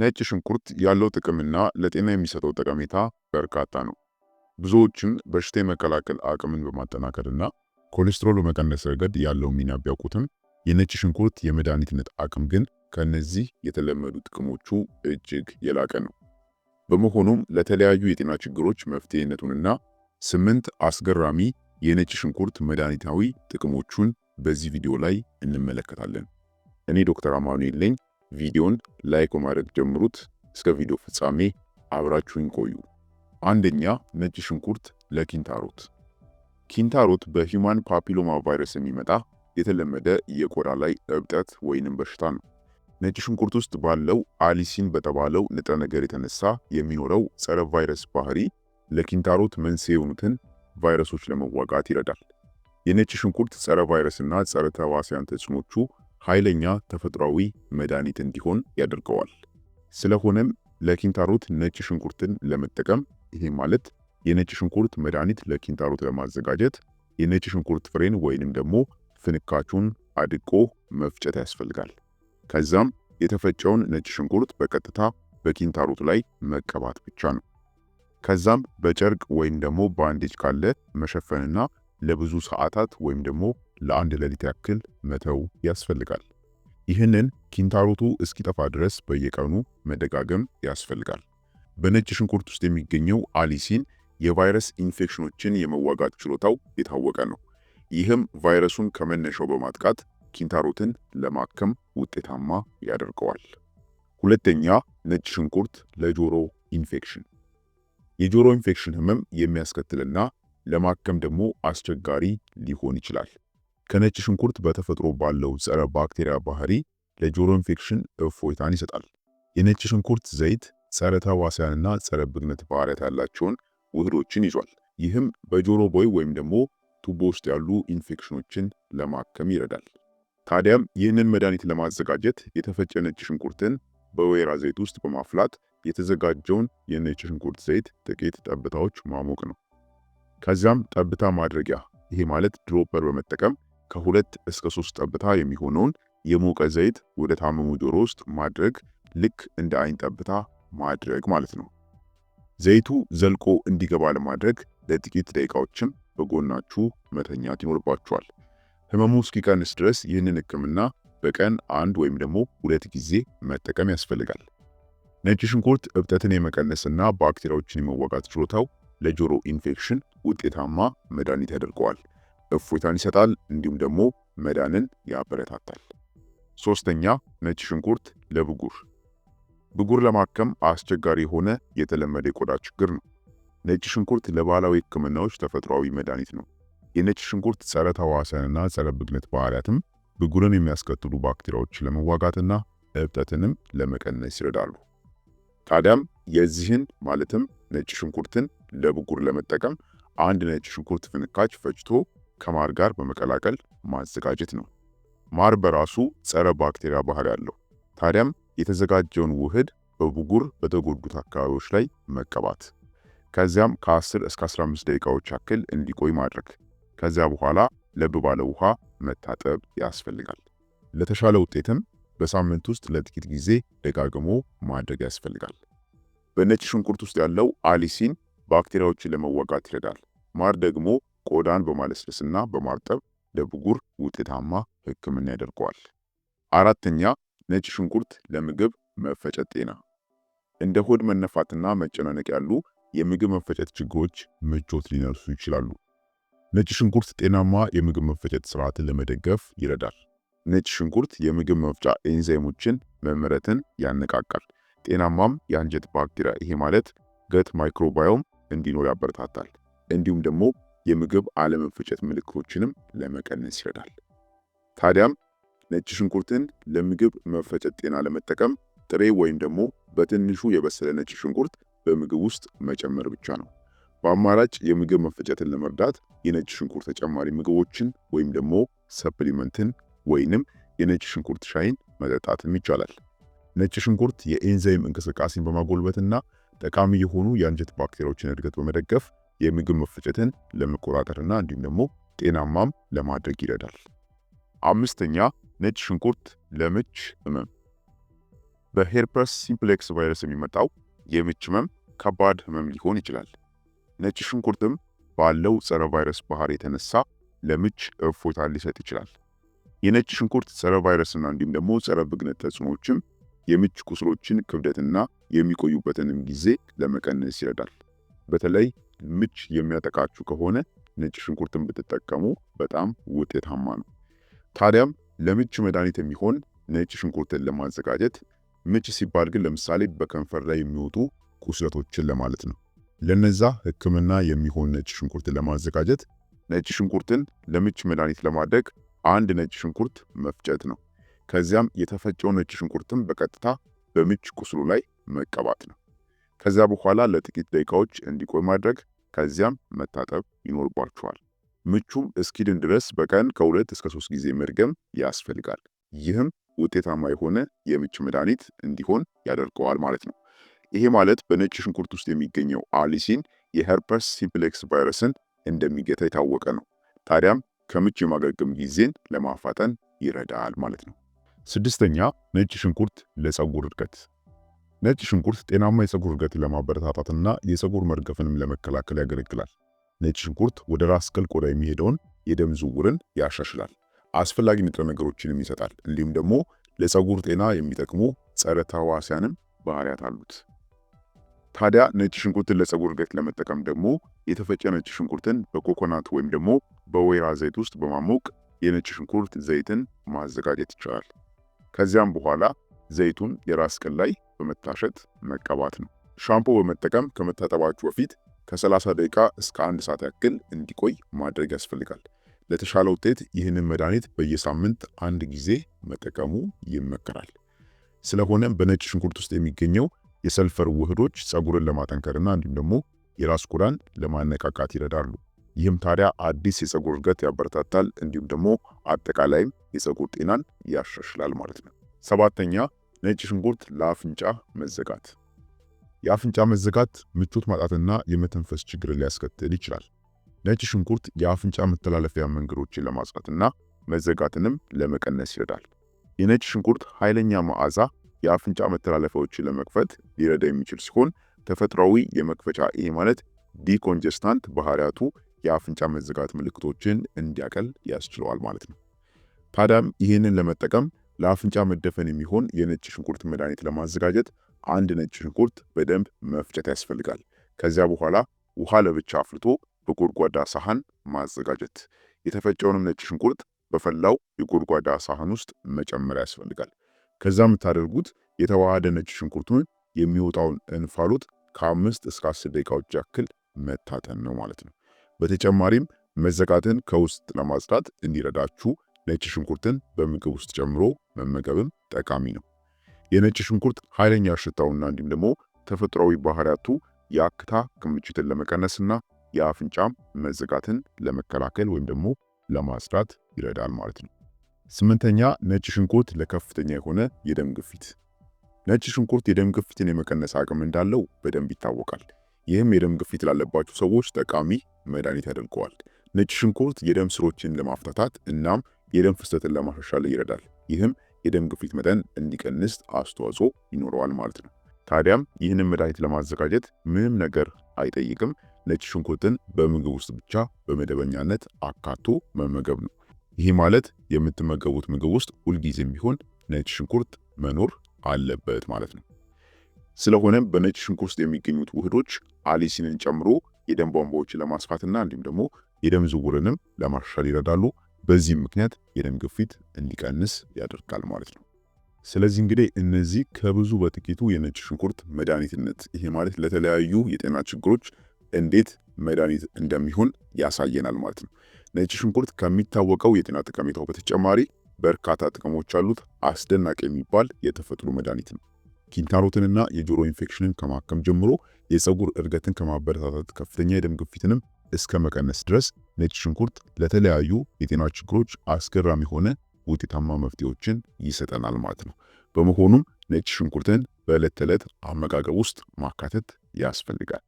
ነጭ ሽንኩርት ያለው ጥቅምና ለጤና የሚሰጠው ጠቀሜታ በርካታ ነው። ብዙዎችም በሽታ የመከላከል አቅምን በማጠናከርና ኮሌስትሮል በመቀነስ ረገድ ያለው ሚና ቢያውቁትም የነጭ ሽንኩርት የመድኃኒትነት አቅም ግን ከነዚህ የተለመዱ ጥቅሞቹ እጅግ የላቀ ነው። በመሆኑም ለተለያዩ የጤና ችግሮች መፍትሄነቱንና ስምንት አስገራሚ የነጭ ሽንኩርት መድኃኒታዊ ጥቅሞቹን በዚህ ቪዲዮ ላይ እንመለከታለን። እኔ ዶክተር አማኑኤል ነኝ። ቪዲዮን ላይክ በማድረግ ጀምሩት። እስከ ቪዲዮ ፍጻሜ አብራችሁኝ ቆዩ። አንደኛ ነጭ ሽንኩርት ለኪንታሮት። ኪንታሮት በሂውማን ፓፒሎማ ቫይረስ የሚመጣ የተለመደ የቆዳ ላይ እብጠት ወይንም በሽታ ነው። ነጭ ሽንኩርት ውስጥ ባለው አሊሲን በተባለው ንጥረ ነገር የተነሳ የሚኖረው ጸረ ቫይረስ ባህሪ ለኪንታሮት መንስኤ የሆኑትን ቫይረሶች ለመዋጋት ይረዳል። የነጭ ሽንኩርት ጸረ ቫይረስና ጸረ ተህዋሲያን ተጽዕኖቹ ኃይለኛ ተፈጥሯዊ መድኃኒት እንዲሆን ያደርገዋል። ስለሆነም ለኪንታሮት ነጭ ሽንኩርትን ለመጠቀም ይሄ ማለት የነጭ ሽንኩርት መድኃኒት ለኪንታሮት ለማዘጋጀት የነጭ ሽንኩርት ፍሬን ወይንም ደግሞ ፍንካቹን አድቆ መፍጨት ያስፈልጋል። ከዛም የተፈጨውን ነጭ ሽንኩርት በቀጥታ በኪንታሮት ላይ መቀባት ብቻ ነው። ከዛም በጨርቅ ወይም ደግሞ ባንዴጅ ካለ መሸፈንና ለብዙ ሰዓታት ወይም ደግሞ ለአንድ ሌሊት ያክል መተው ያስፈልጋል። ይህንን ኪንታሮቱ እስኪጠፋ ድረስ በየቀኑ መደጋገም ያስፈልጋል። በነጭ ሽንኩርት ውስጥ የሚገኘው አሊሲን የቫይረስ ኢንፌክሽኖችን የመዋጋት ችሎታው የታወቀ ነው። ይህም ቫይረሱን ከመነሻው በማጥቃት ኪንታሮትን ለማከም ውጤታማ ያደርገዋል። ሁለተኛ፣ ነጭ ሽንኩርት ለጆሮ ኢንፌክሽን። የጆሮ ኢንፌክሽን ህመም የሚያስከትልና ለማከም ደግሞ አስቸጋሪ ሊሆን ይችላል። ከነጭ ሽንኩርት በተፈጥሮ ባለው ጸረ ባክቴሪያ ባህሪ ለጆሮ ኢንፌክሽን እፎይታን ይሰጣል። የነጭ ሽንኩርት ዘይት ጸረ ተህዋሲያንና ጸረ ብግነት ባህሪያት ያላቸውን ውህዶችን ይዟል። ይህም በጆሮ ቦይ ወይም ደግሞ ቱቦ ውስጥ ያሉ ኢንፌክሽኖችን ለማከም ይረዳል። ታዲያም ይህንን መድኃኒት ለማዘጋጀት የተፈጨ ነጭ ሽንኩርትን በወይራ ዘይት ውስጥ በማፍላት የተዘጋጀውን የነጭ ሽንኩርት ዘይት ጥቂት ጠብታዎች ማሞቅ ነው። ከዚያም ጠብታ ማድረጊያ ይሄ ማለት ድሮፐር በመጠቀም ከሁለት እስከ ሶስት ጠብታ የሚሆነውን የሞቀ ዘይት ወደ ታመሙ ዶሮ ውስጥ ማድረግ ልክ እንደ አይን ጠብታ ማድረግ ማለት ነው። ዘይቱ ዘልቆ እንዲገባ ለማድረግ ለጥቂት ደቂቃዎችም በጎናችሁ መተኛት ይኖርባችኋል። ህመሙ እስኪቀንስ ድረስ ይህንን ህክምና በቀን አንድ ወይም ደግሞ ሁለት ጊዜ መጠቀም ያስፈልጋል። ነጭ ሽንኩርት እብጠትን የመቀነስና ባክቴሪያዎችን የመዋጋት ችሎታው ለጆሮ ኢንፌክሽን ውጤታማ መድኃኒት ያደርገዋል። እፎይታን ይሰጣል፣ እንዲሁም ደግሞ መዳንን ያበረታታል። ሶስተኛ ነጭ ሽንኩርት ለብጉር ብጉር ለማከም አስቸጋሪ የሆነ የተለመደ የቆዳ ችግር ነው። ነጭ ሽንኩርት ለባህላዊ ሕክምናዎች ተፈጥሯዊ መድኃኒት ነው። የነጭ ሽንኩርት ጸረ ተዋሰንና ጸረ ብግነት ባህሪያትም ብጉርን የሚያስከትሉ ባክቴሪያዎች ለመዋጋትና እብጠትንም ለመቀነስ ይረዳሉ። ታዲያም የዚህን ማለትም ነጭ ሽንኩርትን ለብጉር ለመጠቀም አንድ ነጭ ሽንኩርት ፍንካች ፈጭቶ ከማር ጋር በመቀላቀል ማዘጋጀት ነው። ማር በራሱ ጸረ ባክቴሪያ ባህሪ አለው። ታዲያም የተዘጋጀውን ውህድ በብጉር በተጎዱት አካባቢዎች ላይ መቀባት፣ ከዚያም ከ10 እስከ 15 ደቂቃዎች ያክል እንዲቆይ ማድረግ። ከዚያ በኋላ ለብ ባለ ውሃ መታጠብ ያስፈልጋል። ለተሻለ ውጤትም በሳምንት ውስጥ ለጥቂት ጊዜ ደጋግሞ ማድረግ ያስፈልጋል። በነጭ ሽንኩርት ውስጥ ያለው አሊሲን ባክቴሪያዎችን ለመዋጋት ይረዳል። ማር ደግሞ ቆዳን በማለስለስና በማርጠብ ለብጉር ውጤታማ ህክምና ያደርገዋል። አራተኛ ነጭ ሽንኩርት ለምግብ መፈጨት ጤና። እንደ ሆድ መነፋትና መጨናነቅ ያሉ የምግብ መፈጨት ችግሮች ምቾት ሊነሱ ይችላሉ። ነጭ ሽንኩርት ጤናማ የምግብ መፈጨት ስርዓትን ለመደገፍ ይረዳል። ነጭ ሽንኩርት የምግብ መፍጫ ኤንዛይሞችን መመረትን ያነቃቃል። ጤናማም የአንጀት ባክቴሪያ ይሄ ማለት ገት ማይክሮባዮም እንዲኖር ያበረታታል። እንዲሁም ደግሞ የምግብ አለመፈጨት ምልክቶችንም ለመቀነስ ይረዳል። ታዲያም ነጭ ሽንኩርትን ለምግብ መፈጨት ጤና ለመጠቀም ጥሬ ወይም ደግሞ በትንሹ የበሰለ ነጭ ሽንኩርት በምግብ ውስጥ መጨመር ብቻ ነው። በአማራጭ የምግብ መፈጨትን ለመርዳት የነጭ ሽንኩርት ተጨማሪ ምግቦችን ወይም ደግሞ ሰፕሊመንትን ወይንም የነጭ ሽንኩርት ሻይን መጠጣትም ይቻላል። ነጭ ሽንኩርት የኤንዛይም እንቅስቃሴን በማጎልበትና ጠቃሚ የሆኑ የአንጀት ባክቴሪያዎችን እድገት በመደገፍ የምግብ መፈጨትን ለመቆጣጠርና እንዲሁም ደግሞ ጤናማም ለማድረግ ይረዳል። አምስተኛ ነጭ ሽንኩርት ለምች ህመም። በሄርፐስ ሲምፕሌክስ ቫይረስ የሚመጣው የምች ህመም ከባድ ህመም ሊሆን ይችላል። ነጭ ሽንኩርትም ባለው ጸረ ቫይረስ ባህሪ የተነሳ ለምች እፎይታ ሊሰጥ ይችላል። የነጭ ሽንኩርት ጸረ ቫይረስና እንዲሁም ደግሞ ጸረ ብግነት ተጽዕኖዎችም የምች ቁስሎችን ክብደትና የሚቆዩበትንም ጊዜ ለመቀነስ ይረዳል። በተለይ ምች የሚያጠቃችሁ ከሆነ ነጭ ሽንኩርትን ብትጠቀሙ በጣም ውጤታማ ነው። ታዲያም ለምች መድኃኒት የሚሆን ነጭ ሽንኩርትን ለማዘጋጀት ምች ሲባል ግን ለምሳሌ በከንፈር ላይ የሚወጡ ቁስለቶችን ለማለት ነው። ለነዛ ህክምና የሚሆን ነጭ ሽንኩርትን ለማዘጋጀት ነጭ ሽንኩርትን ለምች መድኃኒት ለማድረግ አንድ ነጭ ሽንኩርት መፍጨት ነው። ከዚያም የተፈጨው ነጭ ሽንኩርትን በቀጥታ በምች ቁስሉ ላይ መቀባት ነው። ከዚያ በኋላ ለጥቂት ደቂቃዎች እንዲቆይ ማድረግ ከዚያም መታጠብ ይኖርባችኋል። ምቹም እስኪድን ድረስ በቀን ከሁለት እስከ ሶስት ጊዜ መርገም ያስፈልጋል። ይህም ውጤታማ የሆነ የምች መድኃኒት እንዲሆን ያደርገዋል ማለት ነው። ይሄ ማለት በነጭ ሽንኩርት ውስጥ የሚገኘው አሊሲን የሄርፐስ ሲምፕሌክስ ቫይረስን እንደሚገታ የታወቀ ነው። ታዲያም ከምች የማገገም ጊዜን ለማፋጠን ይረዳል ማለት ነው። ስድስተኛ ነጭ ሽንኩርት ለፀጉር እድገት ነጭ ሽንኩርት ጤናማ የፀጉር እድገትን ለማበረታታትና የፀጉር መርገፍንም ለመከላከል ያገለግላል። ነጭ ሽንኩርት ወደ ራስ ቅል ቆዳ የሚሄደውን የደም ዝውውርን ያሻሽላል፣ አስፈላጊ ንጥረ ነገሮችንም ይሰጣል። እንዲሁም ደግሞ ለፀጉር ጤና የሚጠቅሙ ጸረ ተህዋሲያንም ባህሪያት አሉት። ታዲያ ነጭ ሽንኩርትን ለፀጉር እድገት ለመጠቀም ደግሞ የተፈጨ ነጭ ሽንኩርትን በኮኮናት ወይም ደግሞ በወይራ ዘይት ውስጥ በማሞቅ የነጭ ሽንኩርት ዘይትን ማዘጋጀት ይቻላል። ከዚያም በኋላ ዘይቱን የራስ ቅል ላይ በመታሸት መቀባት ነው። ሻምፖ በመጠቀም ከመታጠባችሁ በፊት ከ30 ደቂቃ እስከ አንድ ሰዓት ያክል እንዲቆይ ማድረግ ያስፈልጋል። ለተሻለ ውጤት ይህንን መድኃኒት በየሳምንት አንድ ጊዜ መጠቀሙ ይመከራል። ስለሆነም በነጭ ሽንኩርት ውስጥ የሚገኘው የሰልፈር ውህዶች ፀጉርን ለማጠንከርና እንዲሁም ደግሞ የራስ ቆዳን ለማነቃቃት ይረዳሉ። ይህም ታዲያ አዲስ የፀጉር እድገት ያበረታታል፣ እንዲሁም ደግሞ አጠቃላይም የፀጉር ጤናን ያሻሽላል ማለት ነው። ሰባተኛ ነጭ ሽንኩርት ለአፍንጫ መዘጋት። የአፍንጫ መዘጋት ምቾት ማጣትና የመተንፈስ ችግርን ሊያስከትል ይችላል። ነጭ ሽንኩርት የአፍንጫ መተላለፊያ መንገዶችን ለማጽዳትና መዘጋትንም ለመቀነስ ይረዳል። የነጭ ሽንኩርት ኃይለኛ መዓዛ የአፍንጫ መተላለፊያዎችን ለመክፈት ሊረዳ የሚችል ሲሆን ተፈጥሯዊ የመክፈቻ ይሄ ማለት ዲኮንጀስታንት ባህሪያቱ የአፍንጫ መዘጋት ምልክቶችን እንዲያቀል ያስችለዋል ማለት ነው። ታዲያም ይህንን ለመጠቀም ለአፍንጫ መደፈን የሚሆን የነጭ ሽንኩርት መድኃኒት ለማዘጋጀት አንድ ነጭ ሽንኩርት በደንብ መፍጨት ያስፈልጋል። ከዚያ በኋላ ውሃ ለብቻ አፍልቶ በጎድጓዳ ሳህን ማዘጋጀት። የተፈጨውንም ነጭ ሽንኩርት በፈላው የጎድጓዳ ሳህን ውስጥ መጨመር ያስፈልጋል። ከዛ የምታደርጉት የተዋሃደ ነጭ ሽንኩርቱን የሚወጣውን እንፋሎት ከአምስት እስከ አስር ደቂቃዎች ያክል መታተን ነው ማለት ነው። በተጨማሪም መዘጋትን ከውስጥ ለማጽዳት እንዲረዳችሁ ነጭ ሽንኩርትን በምግብ ውስጥ ጨምሮ መመገብም ጠቃሚ ነው። የነጭ ሽንኩርት ኃይለኛ ሽታውና እንዲሁም ደግሞ ተፈጥሯዊ ባህሪያቱ የአክታ ክምችትን ለመቀነስና የአፍንጫም መዘጋትን ለመከላከል ወይም ደግሞ ለማጽዳት ይረዳል ማለት ነው። ስምንተኛ ነጭ ሽንኩርት ለከፍተኛ የሆነ የደም ግፊት። ነጭ ሽንኩርት የደም ግፊትን የመቀነስ አቅም እንዳለው በደንብ ይታወቃል። ይህም የደም ግፊት ላለባቸው ሰዎች ጠቃሚ መድኃኒት ያደርገዋል። ነጭ ሽንኩርት የደም ስሮችን ለማፍታታት እናም የደም ፍሰትን ለማሻሻል ይረዳል። ይህም የደም ግፊት መጠን እንዲቀንስ አስተዋጽኦ ይኖረዋል ማለት ነው። ታዲያም ይህንን መድኃኒት ለማዘጋጀት ምንም ነገር አይጠይቅም። ነጭ ሽንኩርትን በምግብ ውስጥ ብቻ በመደበኛነት አካቶ መመገብ ነው። ይህ ማለት የምትመገቡት ምግብ ውስጥ ሁልጊዜም ቢሆን ነጭ ሽንኩርት መኖር አለበት ማለት ነው። ስለሆነም በነጭ ሽንኩርት ውስጥ የሚገኙት ውህዶች አሊሲንን ጨምሮ የደም ቧንቧዎችን ለማስፋትና እንዲሁም ደግሞ የደም ዝውውርንም ለማሻሻል ይረዳሉ። በዚህም ምክንያት የደም ግፊት እንዲቀንስ ያደርጋል ማለት ነው። ስለዚህ እንግዲህ እነዚህ ከብዙ በጥቂቱ የነጭ ሽንኩርት መድኃኒትነት ይሄ ማለት ለተለያዩ የጤና ችግሮች እንዴት መድኃኒት እንደሚሆን ያሳየናል ማለት ነው። ነጭ ሽንኩርት ከሚታወቀው የጤና ጠቀሜታው በተጨማሪ በርካታ ጥቅሞች አሉት። አስደናቂ የሚባል የተፈጥሮ መድኃኒት ነው። ኪንታሮትንና የጆሮ ኢንፌክሽንን ከማከም ጀምሮ የፀጉር እድገትን ከማበረታታት ከፍተኛ የደም ግፊትንም እስከ መቀነስ ድረስ ነጭ ሽንኩርት ለተለያዩ የጤና ችግሮች አስገራሚ ሆነ ውጤታማ መፍትሄዎችን ይሰጠናል ማለት ነው። በመሆኑም ነጭ ሽንኩርትን በዕለት ተዕለት አመጋገብ ውስጥ ማካተት ያስፈልጋል።